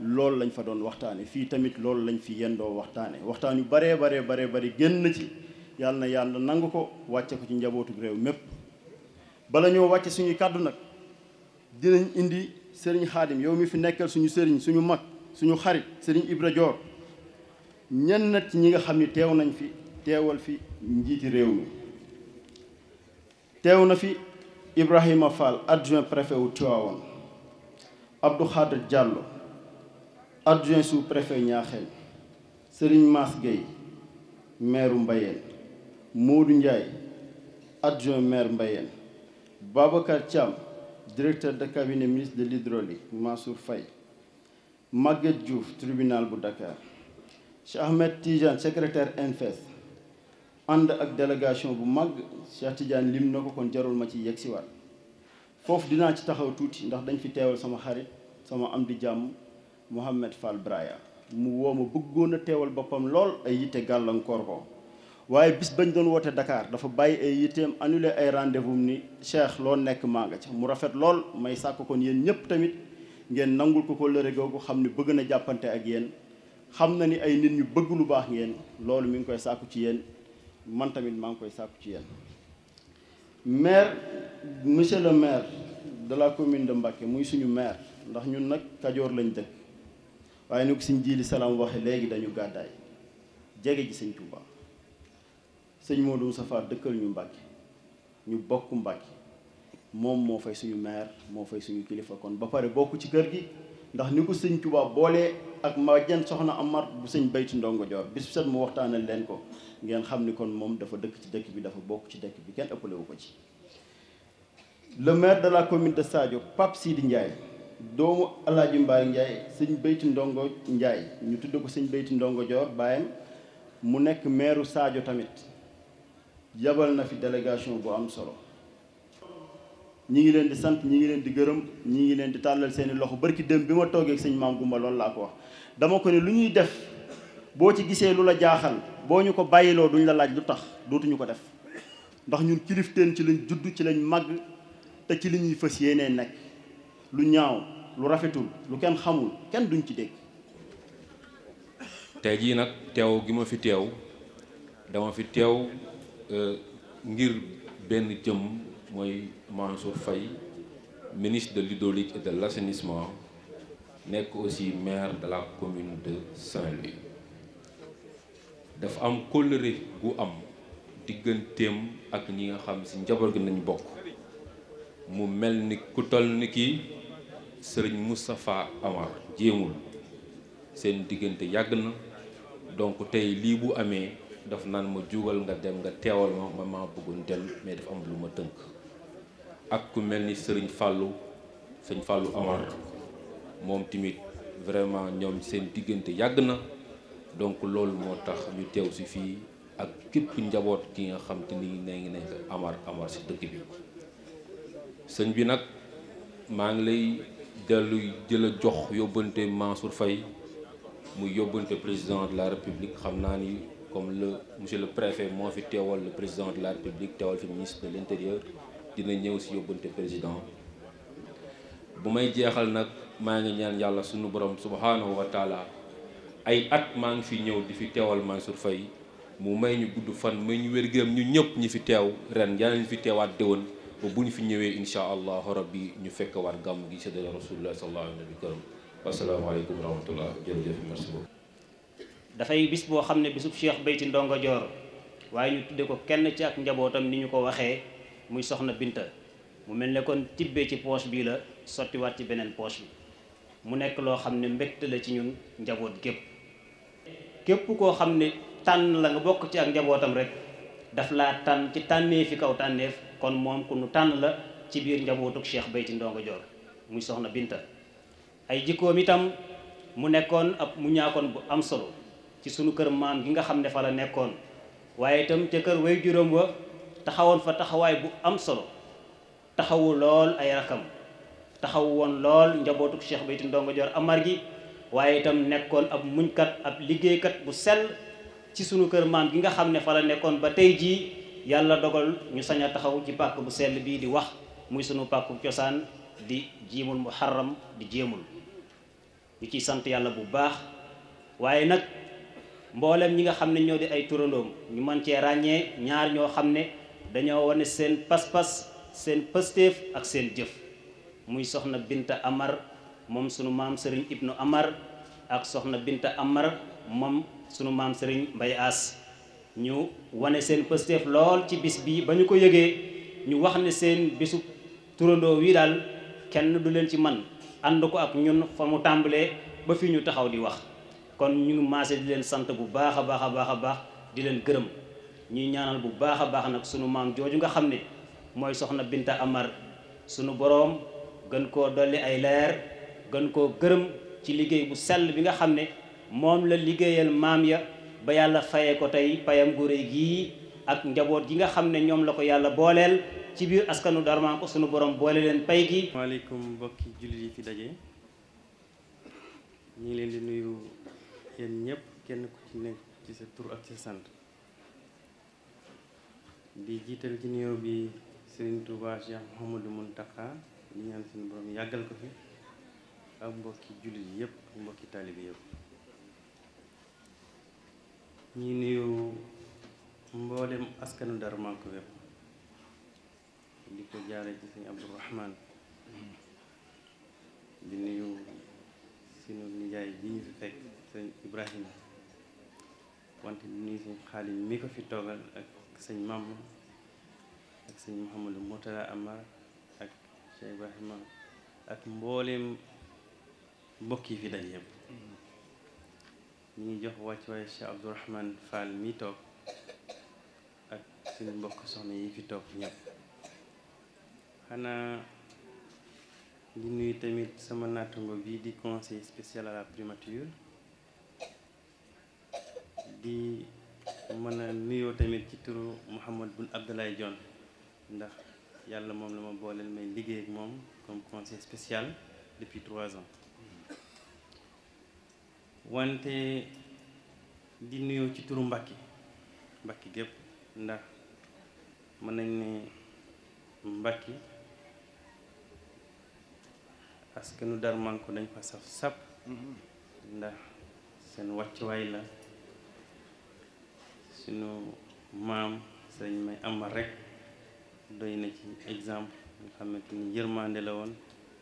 loolu lañ fa doon waxtaane fii tamit loolu lañ fi yendoo waxtaane waxtaan yu baree baree baree bari génn ci yàlla na yàlla nangu ko wàcce ko ci njabootu réew mépp bala ñoo wàcce suñuy kàddu nag dinañ indi sëriñ xaadim yow mi fi nekkal suñu sëriñ suñu mag suñu xarit sëriñ Ibra Dior ci ñi nga xam ni teew nañ fi teewal fi njiiti réew mi teew na fi Ibrahima Fall adjoint préfet wu Tivaouane Abdou Khadre Diallo adjoint sous préfet Niakhène Serigne Mass Gueye maire Mbayeen Modou Ndiaye adjoint maire mbayen Babacar Thiam directeur de cabinet ministre de l'hydraulique Mansour Faye Maguette Diouf tribunal bu Dakar Cheikh Ahmed Tidiane secrétaire NFES and ak délégation bu mag Cheikh Tidiane lim na ko kon jarul ma ci yegg wat fof dina ci taxaw tuuti ndax dañ fi teewal sama xarit sama am di jam Mouhamed Fall Braya mu woma ma bëggoon a lol boppam lool ay yitte gàllankoor ko waaye bis bañ doon woote dakaar dafa bàyyi ay yitteem annulé ay rendez-vous ni Cheikh loo nekk maa nga ca mu rafet lool may sàkk kon yéen ñëpp tamit ngeen nangul ko ko lëre googu xam ni bëgg na jàppante ak yéen xam na ni ay nit ñu bëgg lu baax ngeen loolu mi ngi koy sàkku ci yéen man tamit maa ngi koy sàkku ci yéen maire monsieur le maire de la commune de Mbacké muy suñu maire ndax ñun nag Kajoor lañ dëkk waaye ni ko suñ jiili salaam waxee léegi dañu gàddaay jege ji sëñ sëñ Modou Moustapha dëkkal ñu Mbàkke ñu bokk Mbàkke moom moo fay suñu maire moo fay suñu kilifa kon ba pare bokk ci kër gi ndax ni ko sëñ Tuubaa boolee ak Madiène Soxna Amar bu sëñ Baytu Ndongo Joor bis set mu waxtaanal leen ko ngeen xam ni kon moom dafa dëkk ci dëkk bi dafa bokk ci dëkk bi kenn ëppale wu ko ci le maire de la commune de Sadio Pape Sidi Ndiaye doomu Alaaji Mbaye Ndiaye sëñ Baytu Ndongo Ndiaye ñu tudd ko sëñ Baytu Ndongo Joor bàyyam mu nekk maireu saajo tamit yabal na fi délégation bu am solo ñi ngi leen di sant ñi ngi leen di gërëm ñi ngi leen di tàllal seeni loxo barki dem bi ma toogee ak sëñ maam Gumba loolu ko wax dama ko ne lu ñuy def boo ci gisee lu la jaaxal boo ñu ko bàyyiloo duñ la laaj lu tax dootuñu ko def ndax ñun kilifteen ci lañ judd ci lañ màgg te ci li ñuy fës yéenee nekk lu ñaaw lu rafetul lu kenn xamul kenn duñ ci dégg tey jii nag teew gi ma fi teew dama fi teew Euh, ngir benn jëm mooy Mansour Faye ministre de l'hydraulique et de l'assainissement nekk aussi maire de la commune de Saint-Louis dafa am kóllëre gu am digganteem ak ñi nga xam ci njaboot gi nañu bokk mu mel ni ku toll ni kii sëriñ Moustapha Amar jéemul seen diggante yàgg na donc tey lii bu amee daf nan ma jugal nga dem nga teewal ma ma mais daf am lu ma ak ku melni serigne fallou serigne fallou Amar vraiment ñom seen yagna donc lool motax ñu teew ci fi ak képp ki nga ni Amar Amar ci dëkk bi serigne bi nak jox Mansour Fay, mu président de la république comme le monsieur le préfet moi, fi teewal le président de la république teewal fi ministre de l'intérieur dina ñew ci yobunte président bu may jéxal nak ma nga ñaan yalla suñu borom subhanahu wa taala ay at ma nga fi ñew di fi teewal Mansour Faye mu may ñu gudd fan may ñu wér-gërëm ñu ñëpp ñi fi teew ren yàlla ñu fi teewaat déwén ba bu ñu fi ñëwé insha rabbi ñu fekk waat gam gi seddale rasulullah sallallahu alayhi wa sallam asalaamaaleykum wa rahmatullah jërëjëf merci beaucoup dafay bis boo xam ne bisub Cheikh Beyti Ndongo Dior waaye ñu tudde ko kenn ci ak njabootam ni ñu ko waxee muy soxna Binta mu mel ne kon tibbee ci poche bii la sottiwaat ci beneen poche bi mu nekk loo xam ne mbégte la ci ñun njaboot gépp képp koo xam ne tànn la nga bokk ci ak njabootam rek daf laa tànn ci tànnee fi kaw tànneef kon moom ku nu tànn la ci biir njabootuk Cheikh Beyti Ndongo Dior muy soxna Binta ay jikkoom itam mu nekkoon ab mu ñaakoon bu am solo ci sunu kër maam gi nga xamne fa la nekkon waye tam ci kër way wa taxawon fa taxaway bu am solo taxawu lol ay rakam taxaw won lol njabotuk Cheikh Bayti Ndongo Dior Amar gi waye tam nekkon ab kat ab kat bu sel ci sunu kër maam gi nga xamne fa la nekkon ba tay ji yalla dogal ñu saña ci pak bu sel bi di wax muy sunu di jimul muharram di jemul ñu ciy sant bu baax waye nak mbooleem ñi nga xam ne ñoo di ay turandoom ñu mën cee ràññee ñaar ñoo xam ne dañoo wane seen pas-pas seen pësteef ak seen jëf muy soxna Binta Amar moom sunu maam Serigne Ibnu Amar ak soxna Binta Amar moom sunu maam Serigne Mbaye As ñu wane seen pëstéef lool ci bis bii ba ñu ko yëgee ñu wax ne seen bisu turandoo wi daal kenn du leen ci man ànd ko ak ñun fa mu tàmbalee ba fi ñu taxaw di wax kon ñu ngi masé di leen sante bu baaxa baaxa baaxa baax di leen gërëm ñi ñaanal bu baaxa baax nak sunu maam joju nga xamné moy soxna Binta Amar sunu borom gën ko dolli ay leer gën ko gërëm ci liggéey bu sel bi nga xamné mom la liggéeyal maam ya ba yalla fayé ko tay payam gu rëy gii ak njaboot gi nga xamné ñom la ko yalla booleel ci biir askanu Darman ko sunu borom bolé leen pay gi. wa alaykum bokki julli fi dajé ñi leen di nuyu. yéen ñëpp kenn ku ci nekk ci sa tur ak ci sa sant di jiital ci nuyoo bi Sëriñ Tuubaa Cheikh Mouhamadou Mountakha di ñaan suñu borom yàggal ko fi ak mbokki jullit yépp mbokki taalib yëpp ñi nuyu mboolem askanu Darou Manko wépp di ko jaare ci sëñ Abdourahman di nuyu sunu nijaay ji ñu fekk سيد إبراهيم وانت نيس خالد ميكو في توغل سيد مامو سيد محمد موتلا أمار سيد إبراهيم أكمبوليم بوكي في دنيب نيجي هو تواي شا عبد الرحمن فال ميتوك سيد بوكو سامي في توك نيب أنا لنوي تميت سمنا تنبو بيدي كونسي سبيسيال على بريماتيور di mën a nuyoo tamit ci turu Mouhamad Boun Abdallah Dionne ndax yàlla moom la ma booleel may liggéey ak moom comme conseil spécial depuis trois ans wante di nuyoo ci turu Mbàkke Mbàkke gépp ndax mën nañ ni Mbàkke parce que nu dar man ko dañ fa saf sap mm-hmm. ndax seen wàccuwaay la suñu maam sëriñ may amar rek doy na ci exemple nga xamante ni yërmande la woon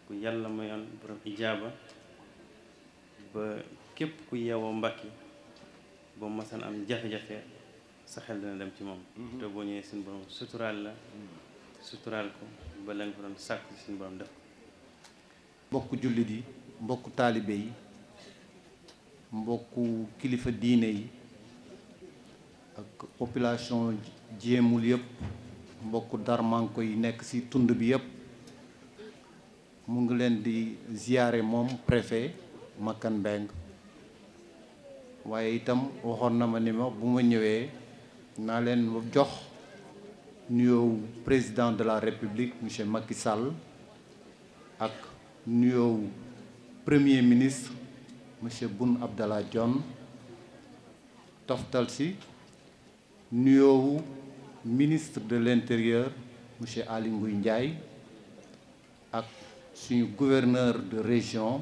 ku yàlla mayoon borom ijaaba ba képp ku yeewoo mbakki ba masan am jafe-jafe sa xel dina dem ci moom mhm. te boo ñëwee suñu borom suturaal la mhm. suturaal ko ba la nga ko doon sàkk ci suñu borom def mbokku jullit yi mbokku taalibe yi mbokku kilifa diine yi ak population jéemul yëpp mbokk darmanko yi nekk ci tund bi yëpp mu ngi leen di ziyaare moom préfet Makan waaye itam waxoon na ma ni ma bu ma ñëwee naa leen jox nuyoow président de la république monsieur Macky Sall ak nuyoow premier ministre monsieur Boun Abdallah Dionne toxtal si le ministre de l'intérieur M. Alim Ngouille Ndiaye ak gouverneur de région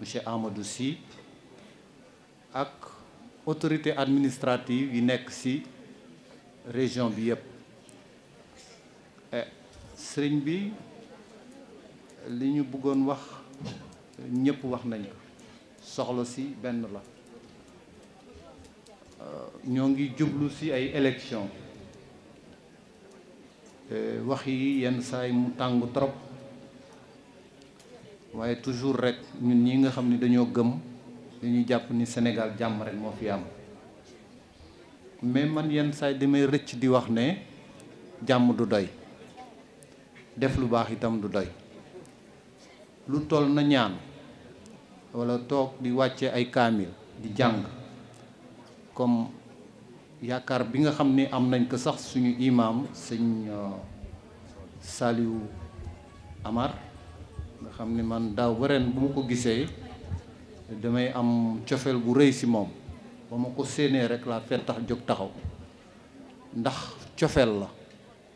M. Amadou Sy et autorité administrative yi est ci région bi nous eh, sëriñ bi de ñu bëggoon wax ñëpp wax nañu soxla ci la Euh, ñoo jublu ci ay élection wax yi yenn say mu tangu trop waye toujours rek ñun ñi nga xamni ne dañoo gëm dañuy japp ni Sénégal jàmm rek mo fi am mais man yenn say demay recc di wax né jàmm du doy def lu bax itam du doy lu toll na ñaan wala tok di wacce ay Kamil di -hmm comme yakar bi nga xamné am nañ ko sax suñu imam sëñ euh, Saliou Amar nga xamné ne man daaw ba bu ko damay am cofeel bu reuy ci mom rekla ma ko séenee rek nitki fet tax jog taxaw ndax cofeel la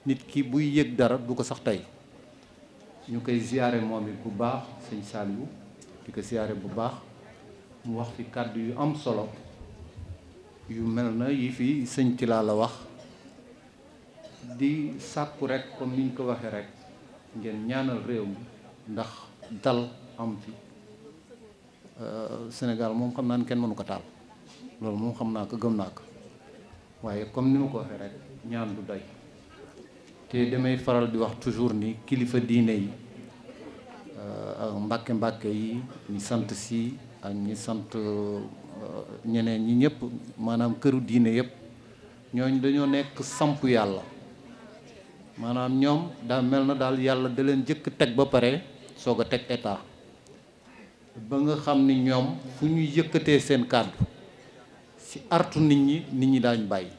nit ki bu yegg dara du ko sax tay ñu koy ziaré momi bu baax Saliou di ko bu baax mu wax fi yu am solo yu melna na yi fi seigne Tila la wax di sàkku rek comme niñ ko waxe rek ngeen ñaanal rew mi ndax dal am fi euh, senegal moom xam naa ken mënu ko tal lool mom xam naa ko gëm naa ko comme ni ko waxe rek ñaan du doy te demay faral di wax toujours ni kilifa diine yi euh mbacke mbacke yi ni sante si ak ni sante ñeneen ñi ñëpp maanaam këru diine yëpp ñooñ dañoo nekk samp yàlla maanaam ñoom daa mel na daal yàlla da leen jëkk teg ba pare soog a teg état ba nga xam ni ñoom fu ñu yëkkatee seen kàddu ci artu nit ñi nit ñi daañ bàyyi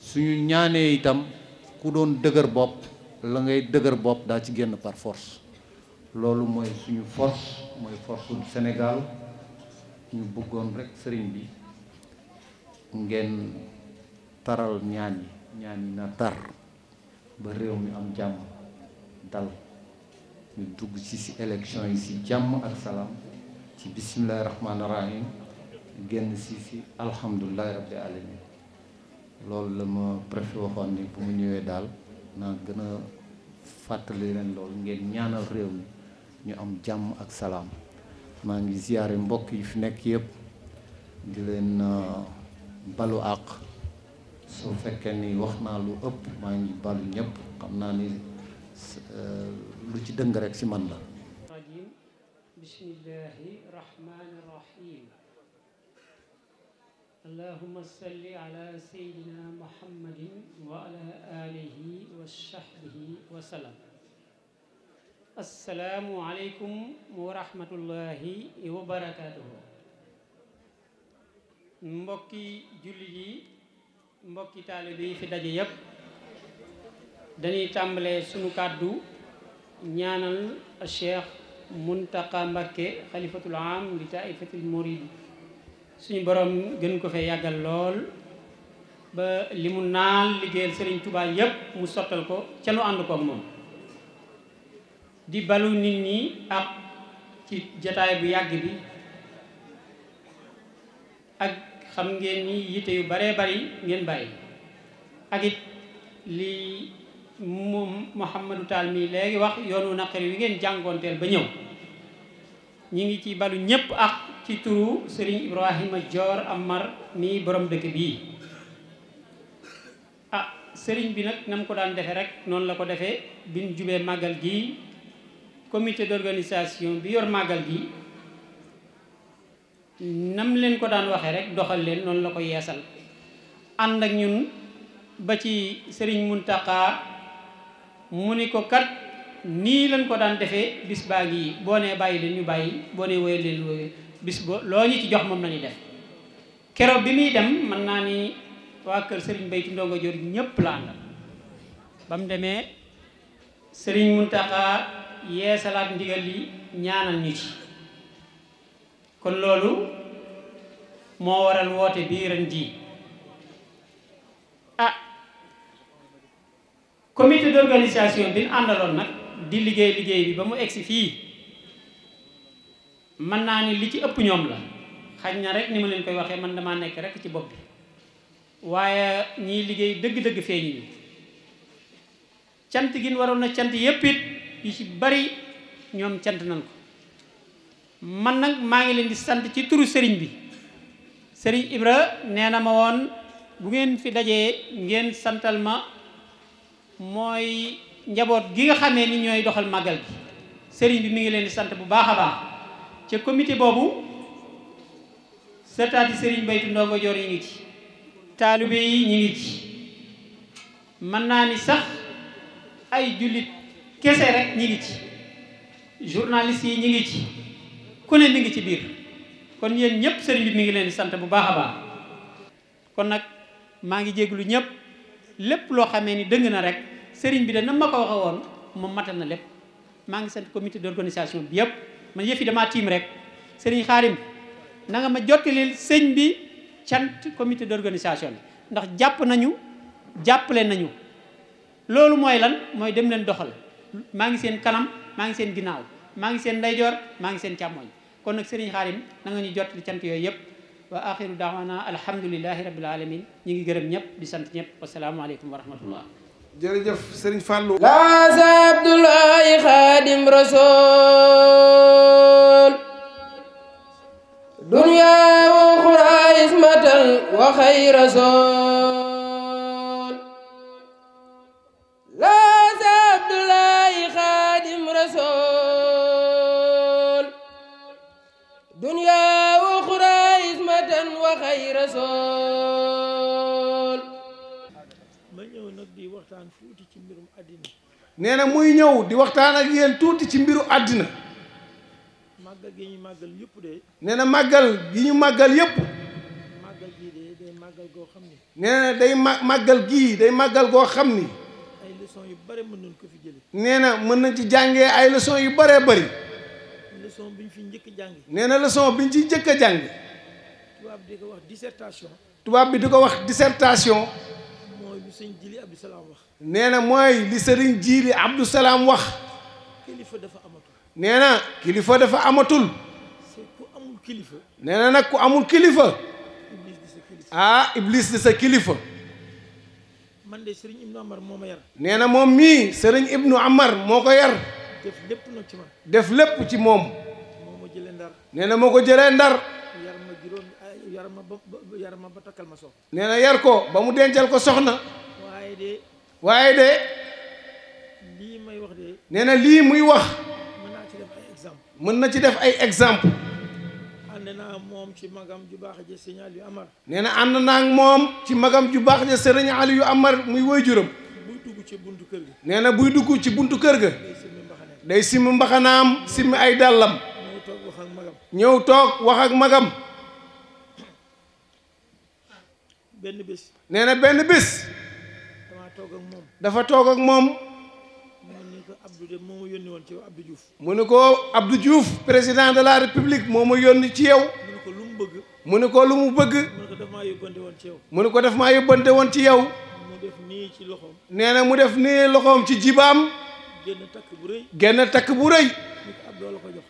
suñu ñaanee itam ku doon dëgër bopp la ngay dëgër bopp daa ci génn par force loolu mooy suñu force mooy force du Sénégal ñu bëggoon rek sëriñ bi ngeen taral ñaani ñaani natar na tar ba réew mi am jàmm dal ñu dugg ci si élection yi si jàmm ak salaam ci bisimilahi rahmaani rahim génn si si alhamdulilahi rabbi alamin loolu la ma préfet waxoon ni bu ma ñëwee daal naa gën a fàttali leen loolu ngeen ñaanal réew mi ñu am jàmm ak salaam maa ngi ziyaare mbokk yi fi nekk yépp di leen uh, balu àq soo fekkee ni wax naa lu ëpp maa ngi balu ñëpp xam naa ni uh, lu ci dëng rek ci man la bismillahi rahmani rahim allahumma Assalamualaikum warahmatullahi wabarakatuh. wa mbokki julli mbokki talibi fi dajje yeb dañuy tambalé sunu kaddu ñaanal cheikh Muntaka mbakke Khalifatul am li Taifatul murid suñu borom gën ko fe yagal lool ba limu naal ligéel Serigne Touba yeb mu sotal ko ca nu ànd di balu nit ñi ak ci jotaay bu yàgg bi ak xam ngeen ni yite yu bare bari ngeen bàyyi ak it li muhammadu taal mi léegi wax yoonu naqari wi ngeen jàngoonteel ba ñëw ñi ngi ci balu ñépp ak ci turu Serigne Ibrahima Dior Amar mi borom dëkk bii ah Serigne bi nag nam ko daan defe rek noonu la ko defee bin jubee màggal gii comité d'organisation bi yor màggal gi nam leen ko daan waxee rek doxal leen noonu la ko yeesal ànd ak ñun ba ci sëriñ Muntaqa mu ni ko kat nii lañ ko daan defee bis baa ngi boo nee bàyyi leen ñu bàyyi boo nee woyal leen wooyu bis bo loo ñu ci jox moom la ñuy def keroog bi muy dem mën naa ni waa kër sëriñ Bayti Ndongo Joor ñëpp la àndal ba mu demee sëriñ Muntaqa yeesalaat ndigal li ñaanal ñu ci kon loolu moo waral woote biiran ren jii ah comité d'organisation bi ñu àndaloon nag di liggéey liggéey bi ba mu egsi fii mën ni li ci ëpp ñoom la xaj na rek ni ma leen koy waxee man damaa nekk rek ci bopp bi waaye ñiy liggéey dëgg-dëgg feeñu ñu cant gi waroon na yu ci bari ñoom cant nañ ko man nag maa ngi leen di sant ci turu sëriñ bi sëriñ Ibra nee na ma woon bu ngeen fi dajee ngeen santal ma mooy njaboot gi nga xamee ni ñooy doxal màggal bi sëriñ bi mu ngi leen di sant bu baax a baax ca comité boobu sëtaati sëriñ bay Ndongo Joor ñu ngi ci taalibe yi ñu ngi ci mën naa ni sax ay jullit kese rek ñi ngi ci journaliste yi ñi ngi ci ku ne mi ngi ci biir kon yéen ñëpp sëriñ bi mi ngi leen di sant bu baax a baax kon nag maa ngi jéglu ñëpp lépp loo xamee ni dëng na rek sëriñ bi de na ma ko waxe woon moom matal na lépp maa ngi sant comité d'organisation bi yëpp ma yëf yi damaa tiim rek sëriñ xaarim na nanga ma jottalil sëñ bi cant comité d'organisation bi ndax jàpp nañu jàppale nañu loolu mooy lan mooy dem leen doxal maa ngi seen kanam maa ngi seen ginnaaw maa ngi seen ndeyjoor maa ngi seen càmmoñ kon nag sëriñ xaarim na nga ñu jot li cant yooyu yëpp wa axiru daawana alhamdulilahi rabil alamin ñi ngi gërëm ñëpp di sant ñëpp wasalaamualeykum wa rahmatullah jërëjëf sëriñ Fallou laa sa abdoulahi xaadim rasul dunya wa uxra ismatan wa nee na muy ñëw di waxtaan ak yéen tuuti ci mbiru àddina. màggal gi ñu màggal yëpp de. nee na màggal gi ñu màggal yëpp. màggal gii day màggal goo xam ni. day ma màggal gii day màggal goo xam ni. ay yu bare mën nañ ko fi jëlee. nee na mën nañ ci jàngee ay leçons yu baree bari. leçon bi ñu fi njëkk a jàng. nee na leçon bi ñu ci njëkk a jàng. tubaab di ko wax dissertation. tubaab bi di ko wax dissertation. mooy lu wax. nee na mooy li sëriñ jiili Abdou wax kilifa dafa amatul nee na kilifa dafa amatul ku kilifa nee na nag ku amul kilifa ah iblis di sa kilifa man de sëriñ ibnu amar nee na moom mii sëriñ ibnu amar moo ko yar def lépp ci def lépp ci moom moo ma jëlee nee na moo ko jëlee ndar yar yar ma takkal ma soxna nee ko ba mu dencal ko soxna waaye de lii may wax de nee na lii muy wax mën exemple mën na ci def ay exemple ànd naa moom ci magam ju baax ja sëriñ Aliou nee na ànd naa moom ci magam ju baax ja sëriñ yu Amar muy waajuram buy dugg ci buntu nee na buy dugg ci buntu kër ga day simmi mbaxanaam simmi ay dàllam ñëw toog wax ak magam ñëw toog wax ak magam benn bés nee benn bés toog dafa toog ak moom. mu ne ko Abdou de ci yow Abdou Diouf. mu ne ko Abdou Diouf président de la république moo ma yónni ci yow. mu ne ko lu mu bëgg. mu ne ko lu mu bëgg. mu ne ko maa yóbbante woon ci yow. mu ne ko daf maa yóbbante woon ci yow. def nii ci loxoom. nee na mu def nii loxoom ci jibaam. génn takk bu rëy. génn takk bu rëy.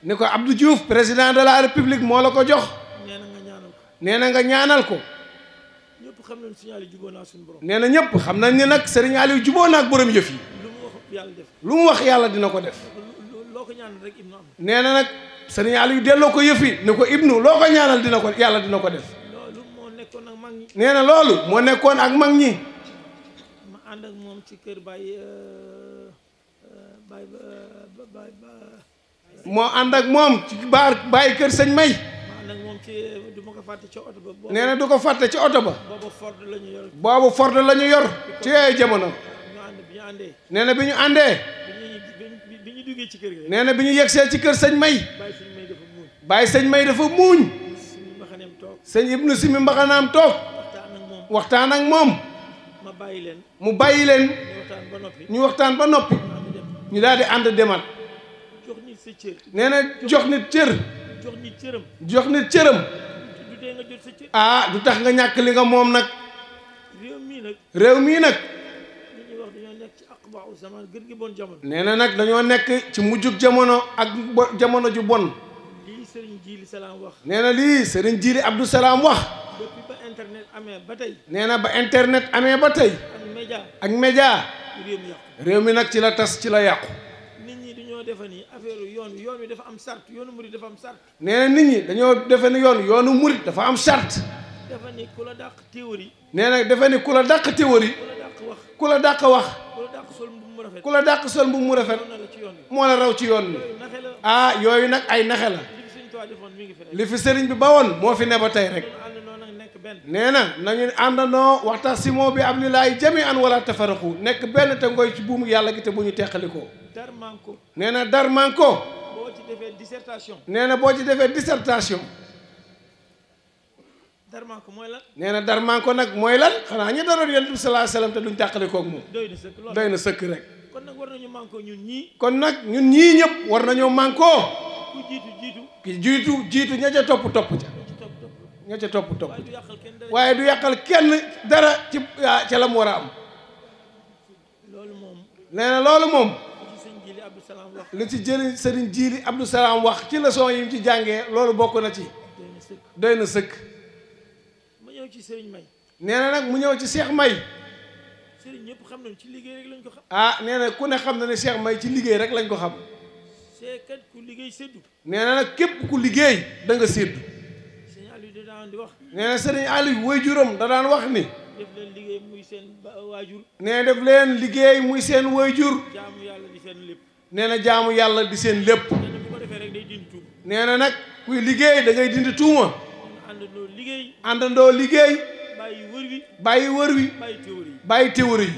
ni ko Abdou Diouf président de la république moo la ko jox. nee na nga ñaanal nee na nga ñaanal ko. xam nañ Serigne Aliou juboo naa suñu borom. nee na ñëpp xam nañ ne nag Serigne Aliou juboo naa ak borom yëf yi. lu mu wax yàlla def. lu mu wax yàlla dina ko def. loo ko ñaanal rek ibnu am. nee na nag Serigne Aliou delloo ko yëf yi ne ko ibnu loo ko ñaanal dina ko yàlla dina ko def. loolu moo nekkoon ak mag ñi. nee na loolu moo nekkoon ak mag ñi. ma ànd moom ci kër Baye Baye Baye. moo ànd ak moom ci baar Baye kër sëñ May. nag moom ci du ma ko fàtte ci oto ba. nee na du ko fàtte ci oto ba. boobu Ford lañu ñu yor. boobu la ñu yor ci yooyu jamono. nee na bi ñu àndee. bi ñu duggee ci kër gi. nee na bi ñu yegsee ci kër sëñ May. bàyyi sëñ May dafa muuñ. sëñ Ibnu Simi mbaxanaam toog. waxtaan ak moom. ma bàyyi leen. mu bàyyi leen. ñu waxtaan ba nopp ñu daal di ànd demaat. jox nit nee na jox nit cër. jox nit cëram. jox nit cëram. du tee nga jot ah, tax nga ñàkk li nga moom nag. réew mii nag. réew mii nag. dañoo nekk ci aqbaaw zaman gën gi bon jamono. nee na nag dañoo nekk ci mujjug jamono ak jamono ju bon. lii Serigne Djili nee na lii Serigne Djili Abdou Salaam wax. depuis ba internet amee ba tey. nee na ba internet amee ba tey. ak média. ak média. réew mi nag ci la tas ci la yàqu. dañoo defe yoon yoon wi dafa am sart yoonu murit dafa am sart. nee na nit ñi dañoo defe ni yoon yoonu murit dafa am sart. dafa ni ku la dàq théorie. nee na dafa ni ku la dàq théorie. ku la dàq wax. ku la dàq sol mbubb mu rafet. ku la dàq sol mbubb mu rafet. moo la raw ci yoon bi. ah yooyu nag ay naxe la. li fi sëriñ bi ba bawoon moo fi ne ba tey rek. nee na nañu àndandoo waxtaan si moo bi am ni laay jami an wala tafaraqu nekk benn te ngoy ci buumu yàlla gi te bu ñu teqalikoo dar manko nee na dar manko boo ci defee dissertation nee na boo ci defee dissertation dar manko mooy lan nee na dar manko nag mooy lan xanaa ñi dara yonent bi sallallahu te duñ tàqale koog moom doy na sëkk lool doy na sëkk rek kon nag war nañu manko ñun ñii kon nag ñun ñii ñëpp war nañoo mànko ku jiitu jiitu ki jiitu jiitu ña ca topp topp ca ña ca topp topp ca waaye du yàqal kenn dara ci ah, ca la war a am loolu loolu moom li ci jëli sëriñ jiili Abdou Salaam wax ci leçon yi mu ci jàngee loolu bokk na ci doy na sëkk mu ñëw ci sëriñ may nee na nag mu ñëw ci Cheikh May sëriñ ñëpp xam nañ ci liggéey rek lañ ko xam ah nee na ku ne xam na ne Cheikh May ci liggéey rek lañ ko xam c'est kat ku liggéey séddu nee na nag képp ku liggéey danga nga séddu sëriñ Aliou da daan di wax nee na sëriñ Aliou way juróom da daan wax ni def muy seen waajur nee def leen liggéey muy seen waajur jaamu yàlla di seen lépp nee na jaamu yàlla di seen lépp nee na nag kuy liggéey da ngay dindi tuuma liggéey àndandoo liggéey bàyyi wër wi bàyyi wër wi bàyyi théorie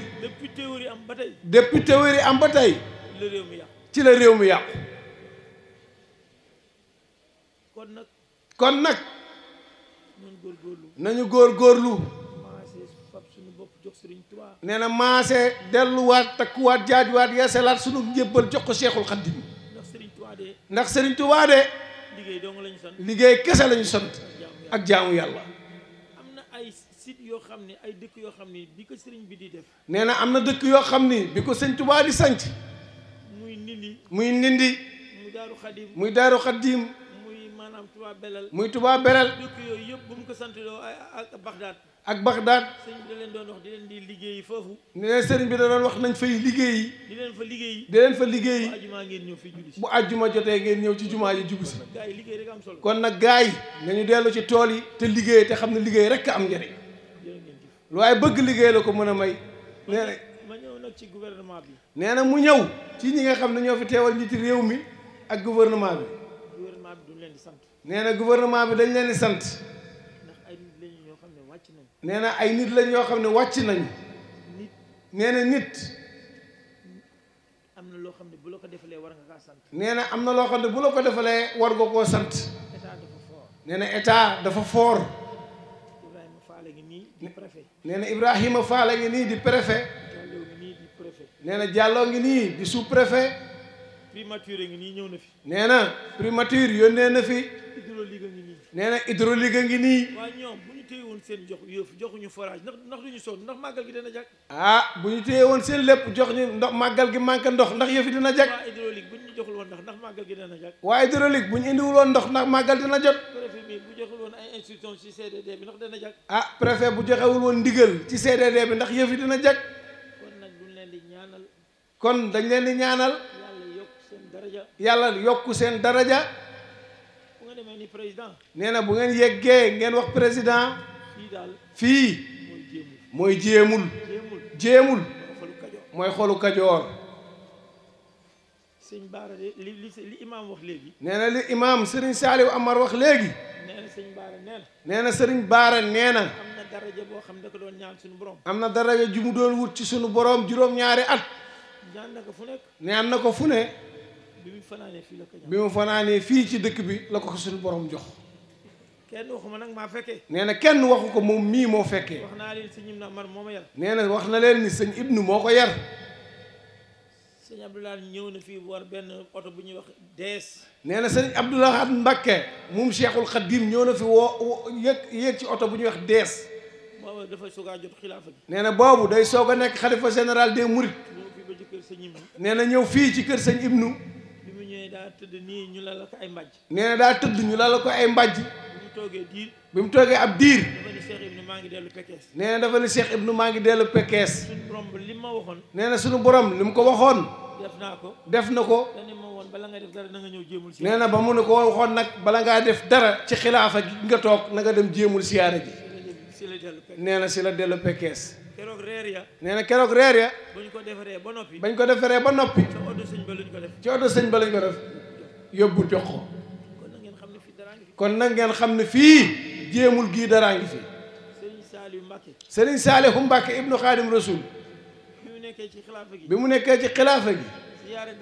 yi am ba tey depuis am ba tey ci la réew mi yàqu kon nag kon nag nañu góor nañu nee na maase delluwaat takkuwaat jaajuwaat yeesalaat sunu njëbbal jox ko Cheikhul Khadim ndax ndax Serigne liggéey dong lañu sant. liggéey kese lañu sant. ak jaamu am na ay site yoo xam ne ay dëkk yoo xam ne bi ko Serigne bi di def. nee na am na dëkk yoo xam ni bi ko Serigne Touba sanc muy Ndindi. muy Ndindi. muy Daaru Khadim. muy Daaru Khadim. muy maanaam Touba Belal. muy Touba Belal. dëkk yooyu yëpp bu ko sant loo ak Bagdad. ak Bagdad. sëriñ bi leen doon wax di leen foofu. ne sëriñ bi da doon wax nañ fay liggéeyi. leen fa liggéeyi. di fa liggéeyi. bu àjjuma ngeen ñëw fii julli si. bu àjjuma jotee ngeen ñëw ci jumaa ji jugu si. kon nag gars yi nañu dellu ci tool yi te liggéey te xam ne liggéey rek am njëriñ. lu waaye bëgg liggéey la ko mën a may. nee ma ñëw nag ci gouvernement bi. nee na mu ñëw ci ñi nga xam ne ñoo fi teewal ñi ci réew mi ak gouvernement bi. gouvernement bi duñ leen di sant. nee na gouvernement bi dañ leen sant. nee ay nit lañ yoo xamne wacc nañ nañu. nee nit. amna lo xamne bu la ko defalee war nga ka sant. nee amna lo xamne bu la ko defalee war nga ko sant. état dafa état dafa fort. Ibrahima Faale ngi nii di préfet. nee na Ibrahima Faale ngi ni di préfet. Diallo jallo ngi ni di sous préfet. primature ngi ni ñew na fi. nee primature yonne na fi. hydraulique ngi ni nee na hydraulique ngi nii. téye woon seen jox joxuñu forage ndax ndax gi dana jag. ah bu ñu téye woon seen lépp jox ñu ndox màggal gi manqué ndox ndax yëf yi dina jag. waa hydraulique bu ñu joxul woon ndox ndax màggal gi dana jag. waa hydraulique bu ah préfet bu joxewul woon ndigal ci CDD bi ndax yëf yi jag. kon dañ leen di ñaanal. yàlla yokk seen daraja. nena président nee na bu ngeen yeggee ngeen wax président fii moy fii mooy jéemul xolu kadior seigne Baara li li imam wax léegi nee li imam serigne salih Amar wax léegi nee na sëriñ Baara nee na nee na sëriñ daraja bo xam da ko don ñaan suñu borom amna daraja ju mu doon wut ci suñu borom juróom-ñaari at ñaan nako fu nek ne na ko fu ne بيوم فناني في كي دك بي لا كوسن بروم جوخ كين واخوما نك ما فكي نينا كين واخوكو موم مي مو فكي واخنا لي سيني نمر مار موما يال نينا واخنا لين ني سيني ابن موكو يال سيني عبد الله نيونا في وار بن اوتو بني واخ ديس نينا سيني عبد الله خات مباكه موم شيخ القديم نيونا في و يك يك سي اوتو بني واخ ديس بابا دا فا سوغا جوب خلافه نينا بابو داي سوغا نيك خليفه جنرال دي موريت نينا نيو في سي كير سيني ابنو daa tëdd nii ñu la la ay mbàjj. nee na daa tëdd ñu la ko ay mbàjj. bi bi mu toogee ab diir. dafa ni Cheikh Ibnu maa ngi dellu Pekes. nee na dafa ni Cheikh Ibnu maa ngi dellu Pekes. suñu borom li ma waxoon. nee na suñu borom li mu ko waxoon. def naa ko def na ko. nee na ba mu ne ko waxoon nag bala ngaa def dara ci xilaafa gi nga toog na nga dem jéemul siyaara ji. nee na si la dellu Pekes. keroog reer ya nee na keroog ya bañ ko defaree ba noppi bañ ko defaree ba noppi ci oto sëñ ba lañ ko def ci oto sëñ ba lañ ko def yóbbu jox ko kon nag ngeen xam ne fii jéemul gii ngi fii sëriñ Saalihu Mbàkke ibnu Xaadim Rasul bi mu nekkee ci xilaafa gi bi mu nekkee ci xilaafa gi ziyaare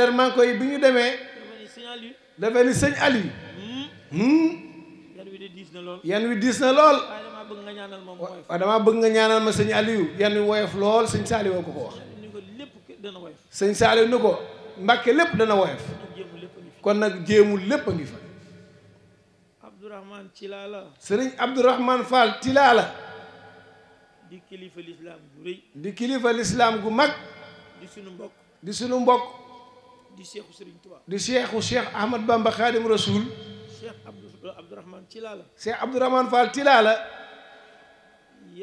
darmanko yi bi ñu demee dafa ni sëñ Aliou yan wi diis na lool yan wi diis na lool bëgg nga ñaanal waaw damaa bëgg nga ñaanal ma sëñ Aliou yan woyof lool sëñ Saliou ko ko wax sëñ Saliou ni ko Mbàkke lépp dana woyof kon nag jéemul lépp a ngi fa Abdourahmane Tilala sëriñ Abdourahmane Fall Tilala di kilifa lislaam gu di kilifa lislaam gu mag di sunu mbokk di sunu mbokk di seexu sëriñ Ahmad Bamba Xaadim Rasuul Cheikh Abdourahmane Tilala Cheikh Abdourahmane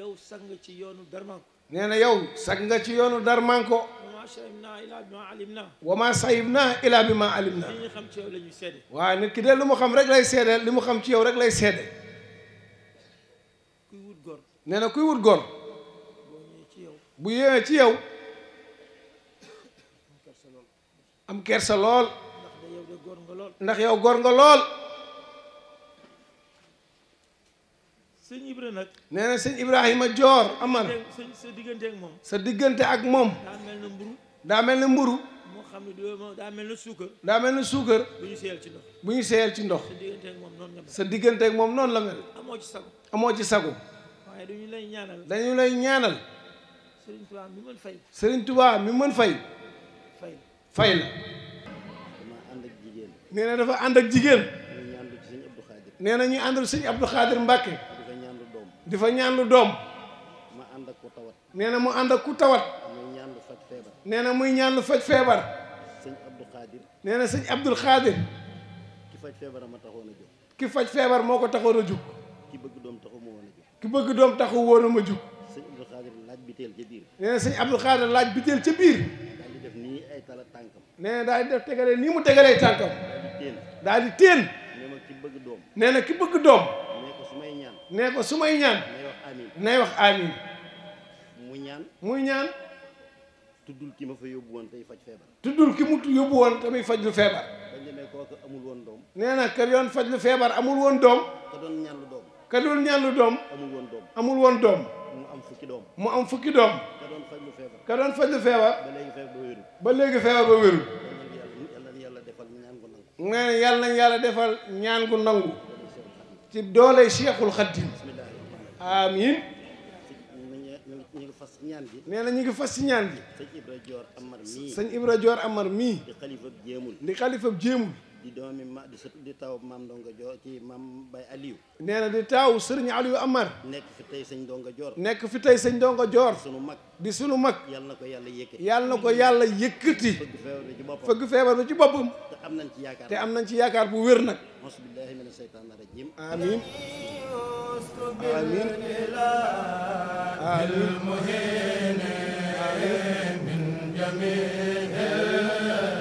yow sang ci yoonu darmanko nee na yow sang nga ci yoonu darmanko wama sahibna ila bi ma na wama sahibna ila bi ma alim na li xam ci yow la ñuy seede waaw nit ki de lu mu xam rek lay seede li mu xam ci yow rek lay seede kuy góor nee na kuy wut góor yow bu ñëwee ci yaw am kersa lool ndax yow góor nga lool sëñ Ibra nag. nee na sëñ Ibrahima Dior Amar. sa diggante ak moom. sa diggante ak moom. daa mel na mburu. daa mel na mburu. moo xam ne daa mel na suukar. daa mel na suukar. bu ñu seeyal ci ndox. bu ñu seeyal ci ndox. sa diggante ak moom noonu la mel. sa diggante ak noonu la mel. amoo ci sago. amoo ci sago. waaye dañu lay ñaanal. dañu lay ñaanal. Serigne Touba mi mën fay. Serigne Touba mi mën fay. fay la fay la. damaa ànd ak jigéen. nee na dafa ànd ak jigéen. nee na ñu àndal sëñ Abdou Khadir Mbacke. di fa ñaanlu doom. ma ànd ak ku tawat. nee na mu ànd ku tawat. muy ñaanlu faj feebar. nee na muy ñaanlu faj feebar. sëñ Abdou Khadir. nee na sëñ Abdou Khadir. ki faj feebar ma taxoon a jóg. ki faj feebar moo ko taxoon a jóg. ki bëgg doom taxu ma ki bëgg doom taxu woon ma jóg. sëñ Abdou Khadir laaj biteel ca biir. nee na sëñ Abdou laaj biteel ca biir. daal def nii ay tala tànkam. nee na daal di def tegalee nii mu tegalee tànkam. daal di téen. daal di bëgg doom. nee na ki bëgg doom. nee ko su may ñaan. nay wax amiin. muy ñaan muy ñaan. tuddul ki ma fa yóbbu woon tey faj feebar. tuddul ki mu yóbbu woon tamit faj lu feebar. bañ demee kooku amul woon doom. nee na kër yoon faj lu feebar amul woon doom. ka doon ñaan lu doom. ka doon ñaan lu doom. amul woon doom amul woon doom. mu am fukki doom. mu am fukki doom. ka doon faj lu feebar. ka doon faj lu feebar. ba léegi feebar ba wérul. ba léegi feebar ba wérul. nee na yàlla nañ yàlla defal ñaan gu nangu. nee na yàlla nañ yàlla defal ñaan gu nangu. ci doole Cheikhul Khadim amiin nee na ñu ngi fas ci ñaan gi sañ Ibra Joor Amar mii di xalifab jéemul di doomi ma di di taw maam Ndonga Joor ci maam Baye Aliou nee na di taw sëriñ Aliou Amar nek fi sen sëñ Ndonga jor nek fi tey sëñ Ndonga jor sunu di sunu mak, yàlla na ko yàlla yëkkati yàlla na ko yàlla yëkkati ci boppam te am nañ ci yaakaar te am nañ ci bu wér nak rajim amin amin min